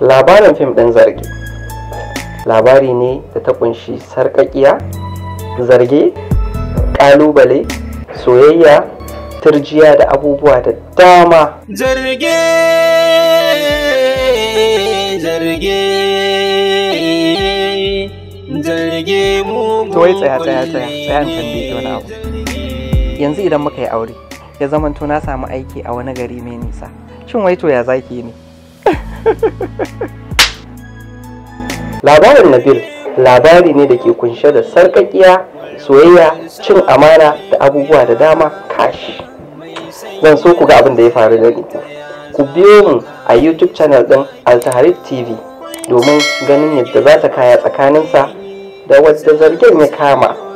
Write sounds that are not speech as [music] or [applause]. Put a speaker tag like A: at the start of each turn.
A: labarin fim ɗin zarge labari ne da ta kunshi sarƙaƙiya zarge ƙalubale soyayya turjiya da abubuwa da dama zarge
B: zarge zarge to wai tsaya tsaya tsaya tsaya tambaye wani abu yanzu idan muka yi aure ya zamanto na samu aiki a wani gari mai nisa shin wai to ya zaki ne [laughs]
A: labarin nabil labari ne da ke kunshe da sarkakiya soyayya cin amana da abubuwa da dama kashi zan so ku ga abin da ya faru da ni ku biyo mu a youtube channel din altaharit tv domin ganin yadda za ta kaya tsakaninsa da wadda zargin ya kama